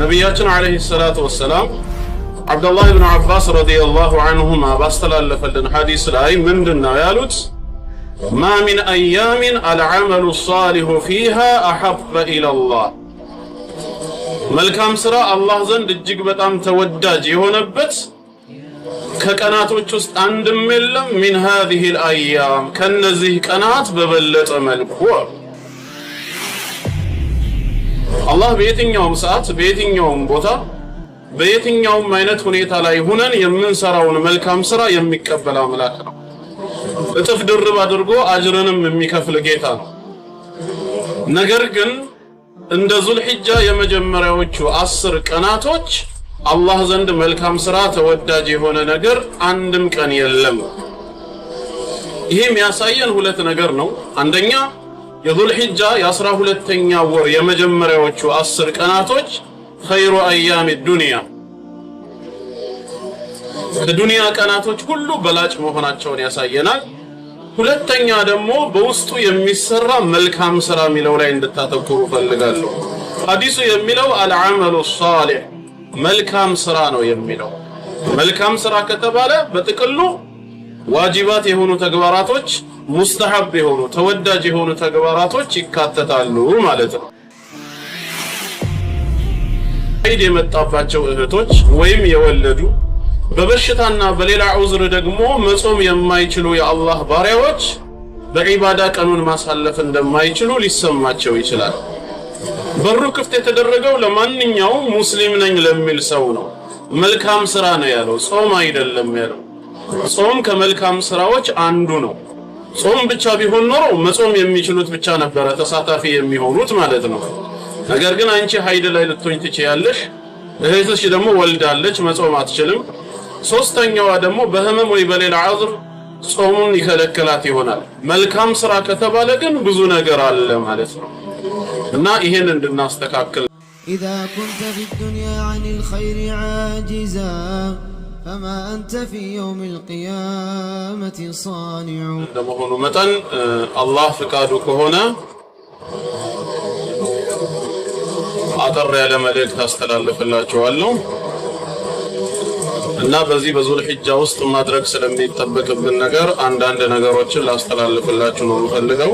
ነቢያችን ዓለይሂ ሰላቱ ወሰላም አብዱላህ ብን አባስ ረዲየላሁ አንሁማ ባስተላለፈልን ሐዲስ ላይ ምንድን ነው ያሉት? ማ ሚን አያሚን አልዓመሉ ሷሊሁ ፊሃ አሐበ ኢለላህ። መልካም ሥራ አላህ ዘንድ እጅግ በጣም ተወዳጅ የሆነበት ከቀናቶች ውስጥ አንድም የለም። ሚን ሃዚሂል አያም ከነዚህ ቀናት በበለጠ መልኩ አላህ በየትኛውም ሰዓት በየትኛውም ቦታ በየትኛውም አይነት ሁኔታ ላይ ሁነን የምንሰራውን መልካም ስራ የሚቀበል አምላክ ነው። እጥፍ ድርብ አድርጎ አጅርንም የሚከፍል ጌታ ነው። ነገር ግን እንደ ዙልሒጃ የመጀመሪያዎቹ አስር ቀናቶች አላህ ዘንድ መልካም ስራ ተወዳጅ የሆነ ነገር አንድም ቀን የለም። ይህም ያሳየን ሁለት ነገር ነው። አንደኛ የዙልሒጃ የአስራ ሁለተኛ ወር የመጀመሪያዎቹ አስር ቀናቶች ኸይሩ አያም ዱንያ ከዱንያ ቀናቶች ሁሉ በላጭ መሆናቸውን ያሳየናል። ሁለተኛ ደግሞ በውስጡ የሚሰራ መልካም ስራ የሚለው ላይ እንድታተኩሩ ፈልጋለሁ። ሐዲሱ የሚለው አልዓመሉ ሷሊሕ መልካም ስራ ነው የሚለው። መልካም ስራ ከተባለ በጥቅሉ ዋጅባት የሆኑ ተግባራቶች ሙስተሐብ የሆኑ ተወዳጅ የሆኑ ተግባራቶች ይካተታሉ ማለት ነው። ዒድ የመጣባቸው እህቶች ወይም የወለዱ በበሽታና በሌላ ዑዝር ደግሞ መጾም የማይችሉ የአላህ ባሪያዎች በዒባዳ ቀኑን ማሳለፍ እንደማይችሉ ሊሰማቸው ይችላል። በሩ ክፍት የተደረገው ለማንኛውም ሙስሊም ነኝ ለሚል ሰው ነው። መልካም ስራ ነው ያለው፣ ጾም አይደለም ያለው። ጾም ከመልካም ስራዎች አንዱ ነው። ጾም ብቻ ቢሆን ኖሮ መጾም የሚችሉት ብቻ ነበረ ተሳታፊ የሚሆኑት ማለት ነው። ነገር ግን አንቺ ሀይድ ላይ ልትሆኝ ትችያለሽ፣ እህትሽ ደግሞ ወልዳለች፣ መጾም አትችልም። ሶስተኛዋ ደግሞ በህመም ወይ በሌላ አዝር ጾሙን ይከለክላት ይሆናል። መልካም ስራ ከተባለ ግን ብዙ ነገር አለ ማለት ነው እና ይሄን እንድናስተካክል ኢዛ ኩንተ ፊ ዱንያ አኒል ኸይሪ ዓጂዛ فما أنت في يوم القيامة صانع እንደመሆኑ መጠን አላህ ፍቃዱ ከሆነ አጠር ያለ መልእክት አስተላልፍላችኋለሁ እና በዚህ በዙል ሒጃ ውስጥ ማድረግ ስለሚጠበቅብን ነገር አንዳንድ ነገሮችን ላስተላልፍላችሁ ነው የምፈልገው።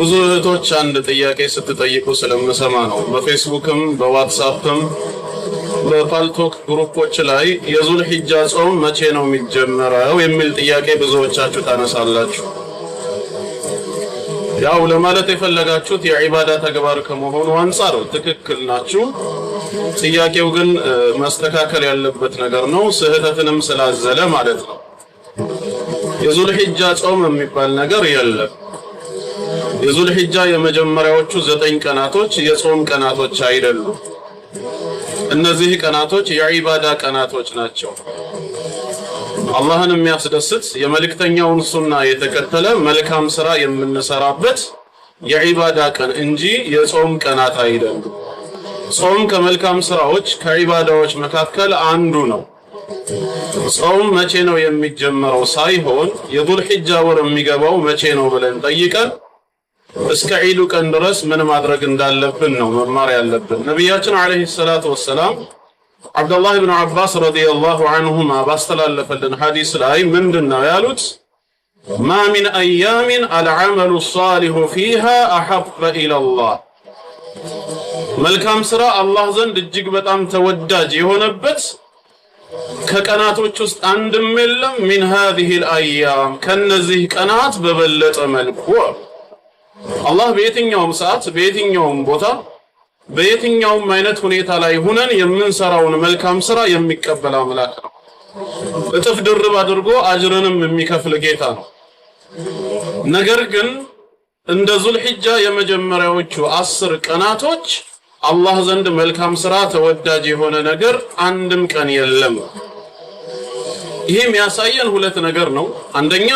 ብዙ እህቶች አንድ ጥያቄ ስትጠይቁ ስለምሰማ ነው በፌስቡክም በዋትሳፕም በፋልቶክ ግሩፖች ላይ የዙል ሂጃ ጾም መቼ ነው የሚጀመረው የሚል ጥያቄ ብዙዎቻችሁ ታነሳላችሁ። ያው ለማለት የፈለጋችሁት የዒባዳ ተግባር ከመሆኑ አንጻር ትክክል ናችሁ። ጥያቄው ግን መስተካከል ያለበት ነገር ነው፣ ስህተትንም ስላዘለ ማለት ነው። የዙል ሂጃ ጾም የሚባል ነገር የለም። የዙል ሂጃ የመጀመሪያዎቹ ዘጠኝ ቀናቶች የጾም ቀናቶች አይደሉም። እነዚህ ቀናቶች የዒባዳ ቀናቶች ናቸው። አላህን የሚያስደስት የመልእክተኛውን ሱና የተከተለ መልካም ስራ የምንሰራበት የዒባዳ ቀን እንጂ የጾም ቀናት አይደለም። ጾም ከመልካም ስራዎች ከዒባዳዎች መካከል አንዱ ነው። ጾም መቼ ነው የሚጀመረው ሳይሆን የዱልሒጃ ወር የሚገባው መቼ ነው ብለን ጠይቀን እስከ ዒዱ ቀን ድረስ ምን ማድረግ እንዳለብን ነው መማር ያለብን። ነቢያችን ዓለይሂ ሰላቱ ወሰላም አብዱላህ ብን አባስ ረዲየላሁ አንሁማ ባስተላለፈልን ሐዲስ ላይ ምንድን ነው ያሉት? ማ ሚን አያሚን አልዓመሉ ሷሊሁ ፊሃ አሐበ ኢለላህ መልካም ሥራ አላህ ዘንድ እጅግ በጣም ተወዳጅ የሆነበት ከቀናቶች ውስጥ አንድም የለም። ሚን ሃዚሂል አያም ከነዚህ ቀናት በበለጠ መልኩ አላህ በየትኛውም ሰዓት በየትኛውም ቦታ በየትኛውም አይነት ሁኔታ ላይ ሁነን የምንሰራውን መልካም ስራ የሚቀበል አምላክ ነው። እጥፍ ድርብ አድርጎ አጅርንም የሚከፍል ጌታ ነው። ነገር ግን እንደ ዙልሂጃ የመጀመሪያዎቹ አስር ቀናቶች አላህ ዘንድ መልካም ስራ ተወዳጅ የሆነ ነገር አንድም ቀን የለም። ይህም ያሳየን ሁለት ነገር ነው። አንደኛ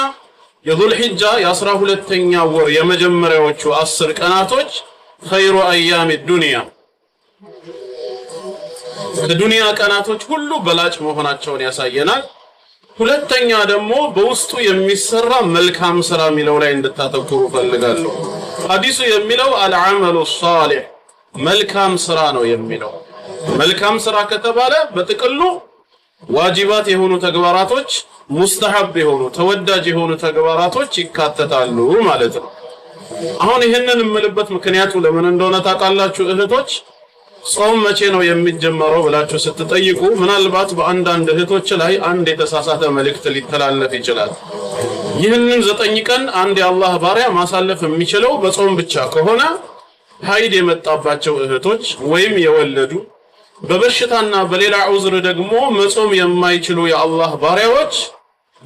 የዙልሒጃ የአስራ ሁለተኛ ወር የመጀመሪያዎቹ አስር ቀናቶች ኸይሩ አያም ዱንያ ከዱንያ ቀናቶች ሁሉ በላጭ መሆናቸውን ያሳየናል። ሁለተኛ ደግሞ በውስጡ የሚሰራ መልካም ስራ የሚለው ላይ እንድታተኩሩ ፈልጋለሁ። ሐዲሱ የሚለው አልዓመሉ ሷሊሕ መልካም ስራ ነው የሚለው። መልካም ስራ ከተባለ በጥቅሉ ዋጅባት የሆኑ ተግባራቶች፣ ሙስተሐብ የሆኑ ተወዳጅ የሆኑ ተግባራቶች ይካተታሉ ማለት ነው። አሁን ይህንን የምልበት ምክንያቱ ለምን እንደሆነ ታውቃላችሁ እህቶች? ጾም መቼ ነው የሚጀመረው ብላችሁ ስትጠይቁ ምናልባት በአንዳንድ እህቶች ላይ አንድ የተሳሳተ መልእክት ሊተላለፍ ይችላል። ይህንን ዘጠኝ ቀን አንድ የአላህ ባሪያ ማሳለፍ የሚችለው በጾም ብቻ ከሆነ ሀይድ የመጣባቸው እህቶች ወይም የወለዱ በበሽታና በሌላ ዑዝር ደግሞ መጾም የማይችሉ የአላህ ባሪያዎች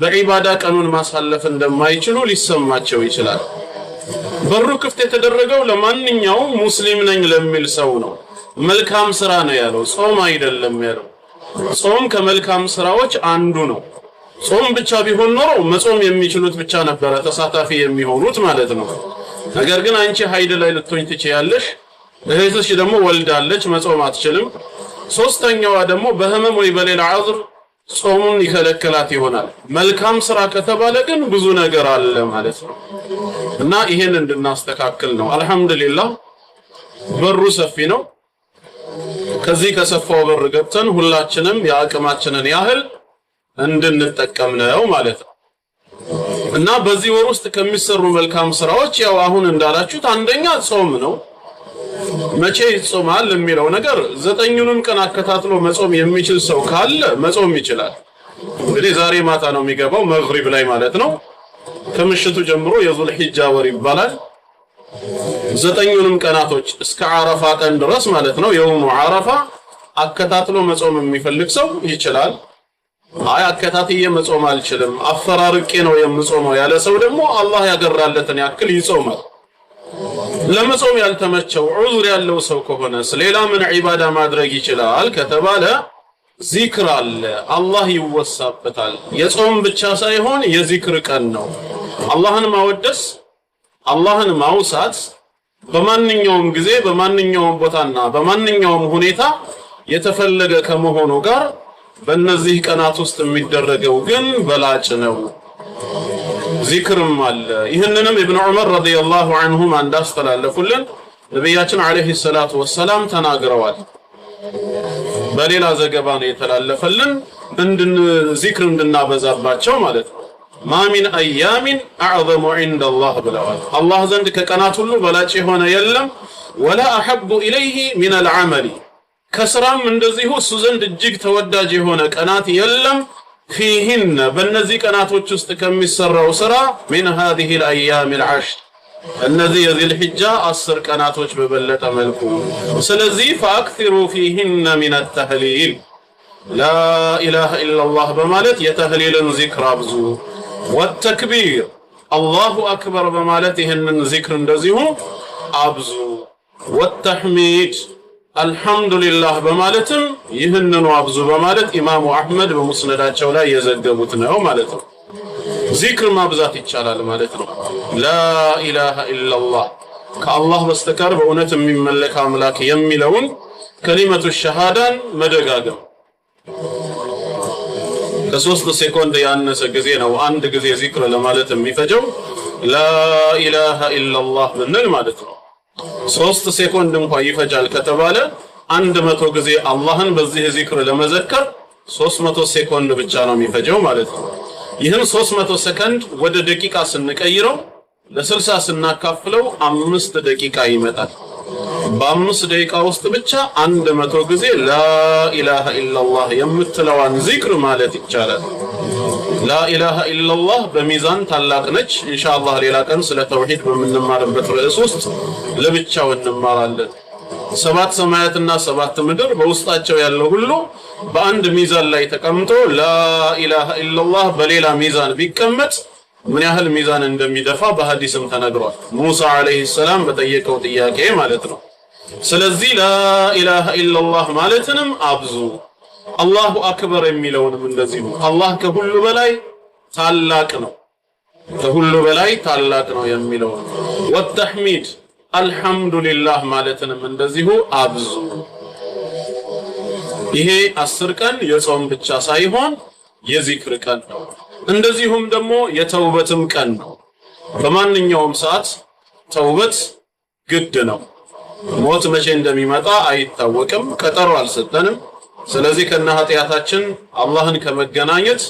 በዒባዳ ቀኑን ማሳለፍ እንደማይችሉ ሊሰማቸው ይችላል። በሩ ክፍት የተደረገው ለማንኛውም ሙስሊም ነኝ ለሚል ሰው ነው። መልካም ስራ ነው ያለው፣ ጾም አይደለም ያለው። ጾም ከመልካም ስራዎች አንዱ ነው። ጾም ብቻ ቢሆን ኖሮ መጾም የሚችሉት ብቻ ነበረ ተሳታፊ የሚሆኑት ማለት ነው። ነገር ግን አንቺ ሀይድ ላይ ልትሆኝ ትችያለሽ። እህትሽ ደግሞ ወልዳለች፣ መጾም አትችልም። ሶስተኛዋ ደግሞ በህመም ወይ በሌላ አዝር ጾሙን ይከለክላት ይሆናል። መልካም ስራ ከተባለ ግን ብዙ ነገር አለ ማለት ነው እና ይሄን እንድናስተካክል ነው። አልሐምዱሊላህ በሩ ሰፊ ነው። ከዚህ ከሰፋው በር ገብተን ሁላችንም የአቅማችንን ያህል እንድንጠቀም ነው ማለት ነው እና በዚህ ወር ውስጥ ከሚሰሩ መልካም ስራዎች ያው አሁን እንዳላችሁት አንደኛ ጾም ነው። መቼ ይጾማል የሚለው ነገር ዘጠኙንም ቀን አከታትሎ መጾም የሚችል ሰው ካለ መጾም ይችላል። እንግዲህ ዛሬ ማታ ነው የሚገባው መግሪብ ላይ ማለት ነው። ከምሽቱ ጀምሮ የዙል ወር ይባላል። ዘጠኙንም ቀናቶች እስከ አረፋ ቀን ድረስ ማለት ነው የውኑ አረፋ አከታትሎ መጾም የሚፈልግ ሰው ይችላል። አይ አከታትዬ መጾም አልችልም አፈራርቄ ነው የምጾመው ያለ ሰው ደግሞ አላህ ያገራለትን ያክል ይጾማል። ለመጾም ያልተመቸው ዑዙር ያለው ሰው ከሆነስ ሌላ ምን ዒባዳ ማድረግ ይችላል ከተባለ ዚክር አለ። አላህ ይወሳበታል። የጾም ብቻ ሳይሆን የዚክር ቀን ነው። አላህን ማወደስ፣ አላህን ማውሳት በማንኛውም ጊዜ በማንኛውም ቦታና በማንኛውም ሁኔታ የተፈለገ ከመሆኑ ጋር በእነዚህ ቀናት ውስጥ የሚደረገው ግን በላጭ ነው። ዚክርም አለ። ይህንንም ኢብኑ ዑመር ረዲየላሁ ዐንሁም እንዳስተላለፉልን ነቢያችን ዐለይሂ ሰላቱ ወሰላም ተናግረዋል። በሌላ ዘገባ ነው የተላለፈልን እንድን ዚክር እንድናበዛባቸው ማለት ነው። ማሚን አያሚን አዕዘሙ ዒንደላህ ብለዋል። አላህ ዘንድ ከቀናት ሁሉ በላጭ የሆነ የለም። ወላ አሐቡ ኢለይሂ ሚነል ዐመሊ ከስራም እንደዚሁ እሱ ዘንድ እጅግ ተወዳጅ የሆነ ቀናት የለም። ፊህነ በእነዚህ ቀናቶች ውስጥ ከሚሰራው ስራ ሚን ሀዚህ ልአያም ልዓሽር እነዚህ የዚልሕጃ አስር ቀናቶች በበለጠ መልኩ። ስለዚህ ፈአክሲሩ ፊሂነ ሚን ተህሊል ላኢላሃ ኢለላህ በማለት የተህሊልን ዚክር አብዙ፣ ወተክቢር አላሁ አክበር በማለት ይህንን ዚክር እንደዚሁ አብዙ፣ ወተሕሚድ አልሐምዱሊላህ በማለትም ይህንኑ አብዙ በማለት ኢማሙ አህመድ በሙስነዳቸው ላይ የዘገቡት ነው ማለት ነው። ዚክር ማብዛት ይቻላል ማለት ነው። ላኢላሃ ኢላላህ ከአላህ በስተቀር በእውነት የሚመለክ አምላክ የሚለውን ከሊመቱ ሸሃዳን መደጋገም ከሶስት ሴኮንድ ያነሰ ጊዜ ነው አንድ ጊዜ ዚክር ለማለት የሚፈጀው ላኢላሃ ኢላላህ ብንል ማለት ነው። ሶስት ሴኮንድ እንኳን ይፈጃል ከተባለ አንድ መቶ ጊዜ አላህን በዚህ ዚክር ለመዘከር ሶስት መቶ ሴኮንድ ብቻ ነው የሚፈጀው ማለት ነው። ይህም ሶስት መቶ ሰከንድ ወደ ደቂቃ ስንቀይረው ለስልሳ ስናካፍለው አምስት ደቂቃ ይመጣል። በአምስት ደቂቃ ውስጥ ብቻ አንድ መቶ ጊዜ ላኢላሃ ኢላሃ ኢላላህ የምትለዋን ዚክር ማለት ይቻላል። ላኢላሃ ኢለላህ በሚዛን ታላቅ ነች። ኢንሻአላህ ሌላ ቀን ስለ ተውሂድ በምንማርበት ርዕስ ውስጥ ለብቻው እንማራለን። ሰባት ሰማያትና ሰባት ምድር በውስጣቸው ያለው ሁሉ በአንድ ሚዛን ላይ ተቀምጦ ላኢላሃ ኢለላህ በሌላ ሚዛን ቢቀመጥ ምን ያህል ሚዛን እንደሚደፋ በሐዲስም ተነግሯል። ሙሳ አለይሂ ሰላም በጠየቀው ጥያቄ ማለት ነው። ስለዚህ ላኢላሃ ኢለላህ ማለትንም አብዙ አላሁ አክበር የሚለውንም እንደዚሁ አላህ ከሁሉ በላይ ታላቅ ነው፣ ከሁሉ በላይ ታላቅ ነው የሚለውን ወተሕሚድ አልሐምዱሊላህ ማለትንም እንደዚሁ አብዙ። ይሄ አስር ቀን የጾም ብቻ ሳይሆን የዚክር ቀን ነው። እንደዚሁም ደግሞ የተውበትም ቀን ነው። በማንኛውም ሰዓት ተውበት ግድ ነው። ሞት መቼ እንደሚመጣ አይታወቅም። ቀጠሮ አልሰጠንም። ስለዚህ ከነ ኃጢአታችን አላህን ከመገናኘት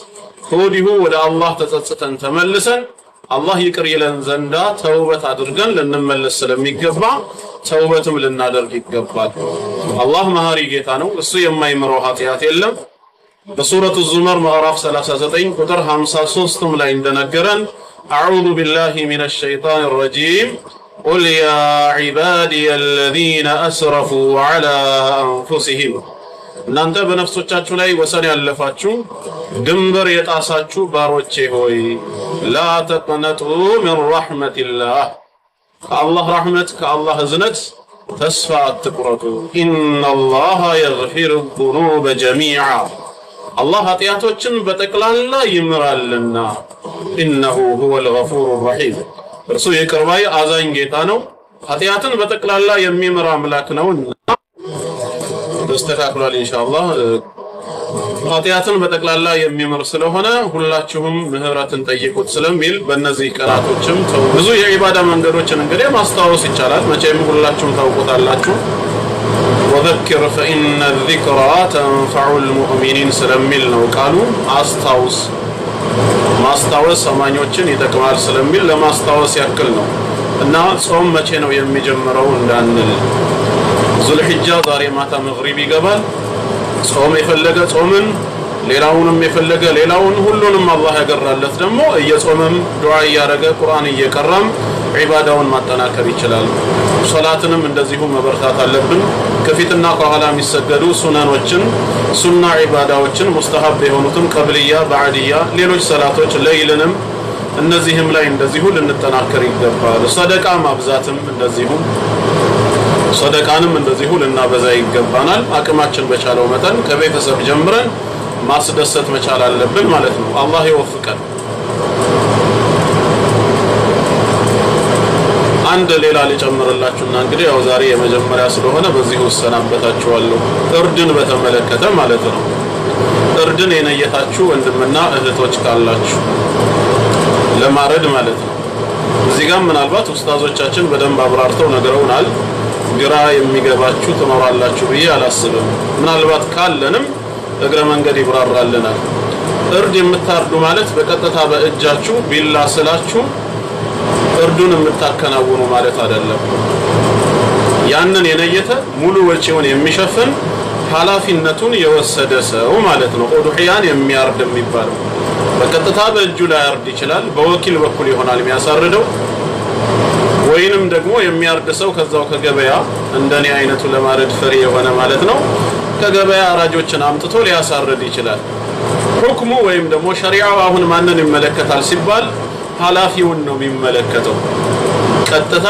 ከወዲሁ ወደ አላህ ተጸጽተን ተመልሰን አላህ ይቅር ይለን ዘንዳ ተውበት አድርገን ልንመለስ ስለሚገባ ተውበትም ልናደርግ ይገባል። አላህ መሐሪ ጌታ ነው። እሱ የማይምረው ኃጢአት የለም። በሱረቱ ዙመር ምዕራፍ 39 ቁጥር 53 ላይ እንደነገረን አዑዙ ቢላሂ ሚነ ሸይጣን ረጂም ቁል ያ ዒባዲየ አለዚነ አስረፉ ዐላ አንፉሲሂም እናንተ በነፍሶቻችሁ ላይ ወሰን ያለፋችሁ ድንበር የጣሳችሁ ባሮቼ ሆይ ላ ተቅነጡ ሚን ረሕመቲላህ ከአላህ ረሕመት ከአላህ እዝነት ተስፋ አትቁረጡ። ኢነላሃ የግፊሩ ዙኑበ ጀሚዓ አላህ ኃጢአቶችን በጠቅላላ ይምራልና። ኢነሁ ሁወል ገፉሩ ረሒም እርሱ ይቅር ባይ አዛኝ ጌታ ነው፣ ኃጢአትን በጠቅላላ የሚምር አምላክ ነውና ተስተካክሏል። ኢንሻአላህ ኃጢአትን በጠቅላላ የሚምር ስለሆነ ሁላችሁም ምህረትን ጠይቁት ስለሚል በእነዚህ ቀናቶችም ብዙ የኢባዳ መንገዶችን እንግዲህ ማስታወስ ይቻላል። መቼም ሁላችሁም ታውቁታላችሁ። ወዘክር ፈኢነ ዚክራ ተንፈዑል ሙእሚኒን ስለሚል ነው ቃሉ። አስታውስ ማስታወስ አማኞችን ይጠቅማል ስለሚል ለማስታወስ ያክል ነው እና ጾም መቼ ነው የሚጀምረው እንዳንል ዙልሕጃ ዛሬ ማታ መግሪብ ይገባል። ጾም የፈለገ ጾምን፣ ሌላውንም የፈለገ ሌላውን፣ ሁሉንም አላህ ያገራለት ደግሞ እየጾመም ዱዓ እያደረገ ቁርአን እየቀራም ዒባዳውን ማጠናከር ይችላል። ሶላትንም እንደዚሁ መበርታት አለብን። ከፊትና ከኋላ የሚሰገዱ ሱነኖችን፣ ሱና ዒባዳዎችን፣ ሙስተሀብ የሆኑትን ቀብልያ፣ በዓድያ፣ ሌሎች ሰላቶች ለይልንም እነዚህም ላይ እንደዚሁ ልንጠናከር ይገባል። ሰደቃ ማብዛትም እንደዚሁ ሰደቃንም እንደዚሁ ልናበዛ ይገባናል። አቅማችን በቻለው መጠን ከቤተሰብ ጀምረን ማስደሰት መቻል አለብን ማለት ነው። አላህ ይወፍቀን። አንድ ሌላ ሊጨምርላችሁና እንግዲህ ያው ዛሬ የመጀመሪያ ስለሆነ በዚሁ እሰናበታችኋለሁ። እርድን በተመለከተ ማለት ነው። እርድን የነየታችሁ ወንድምና እህቶች ካላችሁ ለማረድ ማለት ነው። እዚህ ጋር ምናልባት ኡስታዞቻችን በደንብ አብራርተው ነግረውናል። ግራ የሚገባችሁ ትኖራላችሁ ብዬ አላስብም። ምናልባት ካለንም እግረ መንገድ ይብራራልናል። እርድ የምታርዱ ማለት በቀጥታ በእጃችሁ ቢላ ስላችሁ እርዱን የምታከናውኑ ማለት አይደለም። ያንን የነየተ ሙሉ ወጪውን የሚሸፍን ኃላፊነቱን የወሰደ ሰው ማለት ነው። ኦዱሕያን የሚያርድ የሚባለው በቀጥታ በእጁ ላይ ያርድ ይችላል። በወኪል በኩል ይሆናል የሚያሳርደው ወይንም ደግሞ የሚያርድ ሰው ከዛው ከገበያ እንደኔ አይነቱ ለማረድ ፍሬ የሆነ ማለት ነው ከገበያ አራጆችን አምጥቶ ሊያሳርድ ይችላል። ሁክሙ ወይም ደግሞ ሸሪዓው አሁን ማንን ይመለከታል ሲባል ኃላፊውን ነው የሚመለከተው። ቀጥታ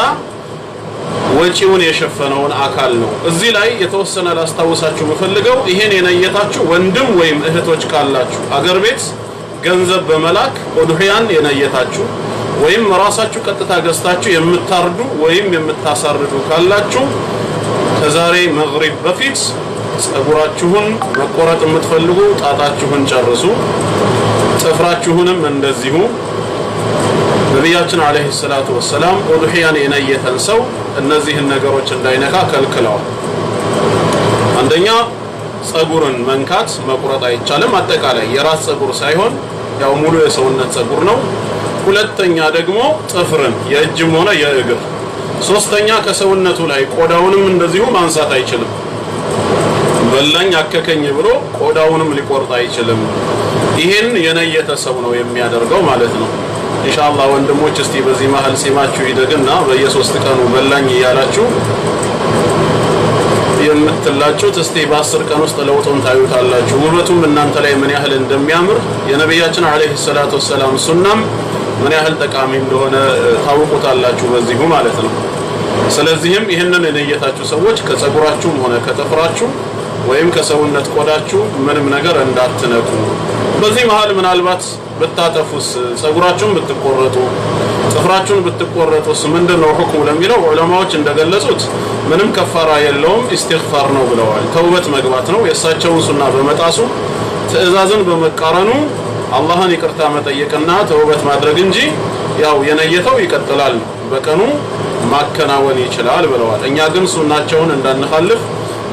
ወጪውን የሸፈነውን አካል ነው። እዚህ ላይ የተወሰነ ላስታውሳችሁ የምፈልገው ይሄን የነየታችሁ ወንድም ወይም እህቶች ካላችሁ አገር ቤት ገንዘብ በመላክ ኡድሕያን የነየታችሁ ወይም ራሳችሁ ቀጥታ ገዝታችሁ የምታርዱ ወይም የምታሳርዱ ካላችሁ ከዛሬ መግሪብ በፊት ጸጉራችሁን መቆረጥ የምትፈልጉ ጣጣችሁን ጨርሱ። ጥፍራችሁንም እንደዚሁ። ነቢያችን አለይሂ ሰላቱ ወሰላም ኡድሒያን የነየተን ሰው እነዚህን ነገሮች እንዳይነካ ከልክለዋል። አንደኛ ጸጉርን መንካት መቁረጥ አይቻልም። አጠቃላይ የራስ ጸጉር ሳይሆን ያው ሙሉ የሰውነት ጸጉር ነው። ሁለተኛ ደግሞ ጥፍርን የእጅም ሆነ የእግር፣ ሶስተኛ ከሰውነቱ ላይ ቆዳውንም እንደዚሁ ማንሳት አይችልም። በላኝ አከከኝ ብሎ ቆዳውንም ሊቆርጥ አይችልም። ይሄን የነየተ ሰው ነው የሚያደርገው ማለት ነው። ኢንሻአላህ ወንድሞች፣ እስቲ በዚህ መሀል ሲማችሁ ይደግና በየሶስት ቀኑ በላኝ እያላችሁ የምትላጩት እስቲ በአስር ቀን ውስጥ ለውጡን ታዩታላችሁ። ውበቱም እናንተ ላይ ምን ያህል እንደሚያምር የነቢያችን አለይሂ ሰላቱ ወሰላም ሱናም ምን ያህል ጠቃሚ እንደሆነ ታውቁታላችሁ በዚሁ ማለት ነው። ስለዚህም ይህንን የነየታችሁ ሰዎች ከጸጉራችሁም ሆነ ከጥፍራችሁ ወይም ከሰውነት ቆዳችሁ ምንም ነገር እንዳትነኩ። በዚህ መሀል ምናልባት ብታጠፉስ፣ ጸጉራችሁን ብትቆረጡ፣ ጥፍራችሁን ብትቆረጡስ ምንድን ነው ሁክሙ ለሚለው ዑለማዎች እንደገለጹት ምንም ከፋራ የለውም፣ ኢስቲግፋር ነው ብለዋል። ተውበት መግባት ነው። የእሳቸውን ሱና በመጣሱ ትዕዛዝን በመቃረኑ አላህን ይቅርታ መጠየቅና ተውበት ማድረግ እንጂ ያው የነየተው ይቀጥላል፣ በቀኑ ማከናወን ይችላል ብለዋል። እኛ ግን ሱናቸውን እንዳንፋልፍ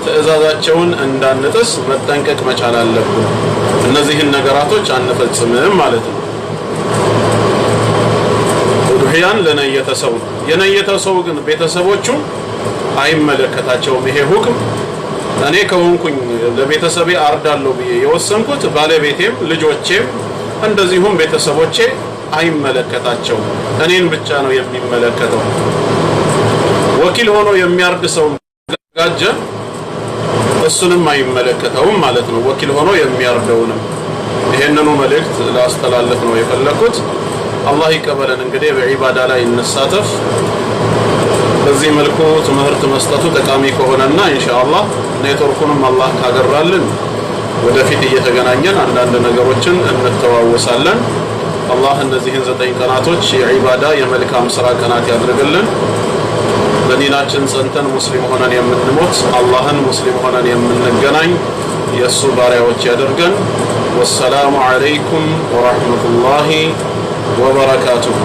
ትዕዛዛቸውን እንዳንጥስ መጠንቀቅ መቻል አለብን። እነዚህን ነገራቶች አንፈጽምም ማለት ነው። ኡድሕያን ለነየተ ሰው ነው። የነየተ ሰው ግን ቤተሰቦቹ አይመለከታቸውም ይሄ ሁክም እኔ ከሆንኩኝ ለቤተሰቤ አርዳለሁ ብዬ የወሰንኩት ባለቤቴም ልጆቼም እንደዚሁም ቤተሰቦቼ አይመለከታቸውም። እኔን ብቻ ነው የሚመለከተው። ወኪል ሆኖ የሚያርድ ሰው ጋጀ እሱንም አይመለከተውም ማለት ነው። ወኪል ሆኖ የሚያርደውንም ይሄንኑ መልእክት ላስተላለፍ ነው የፈለኩት። አላህ ይቀበለን። እንግዲህ በዒባዳ ላይ እንሳተፍ። በዚህ መልኩ ትምህርት መስጠቱ ጠቃሚ ከሆነና ኢንሻአላህ ኔትወርኩንም አላህ ካገራልን ወደፊት እየተገናኘን አንዳንድ ነገሮችን እንተዋወሳለን። አላህ እነዚህን ዘጠኝ ቀናቶች የዒባዳ የመልካም ስራ ቀናት ያድርግልን። በዲናችን ጸንተን ሙስሊም ሆነን የምንሞት አላህን ሙስሊም ሆነን የምንገናኝ የእሱ ባሪያዎች ያደርገን። ወሰላሙ ዓለይኩም ወረሕመቱላሂ ወበረካቱሁ።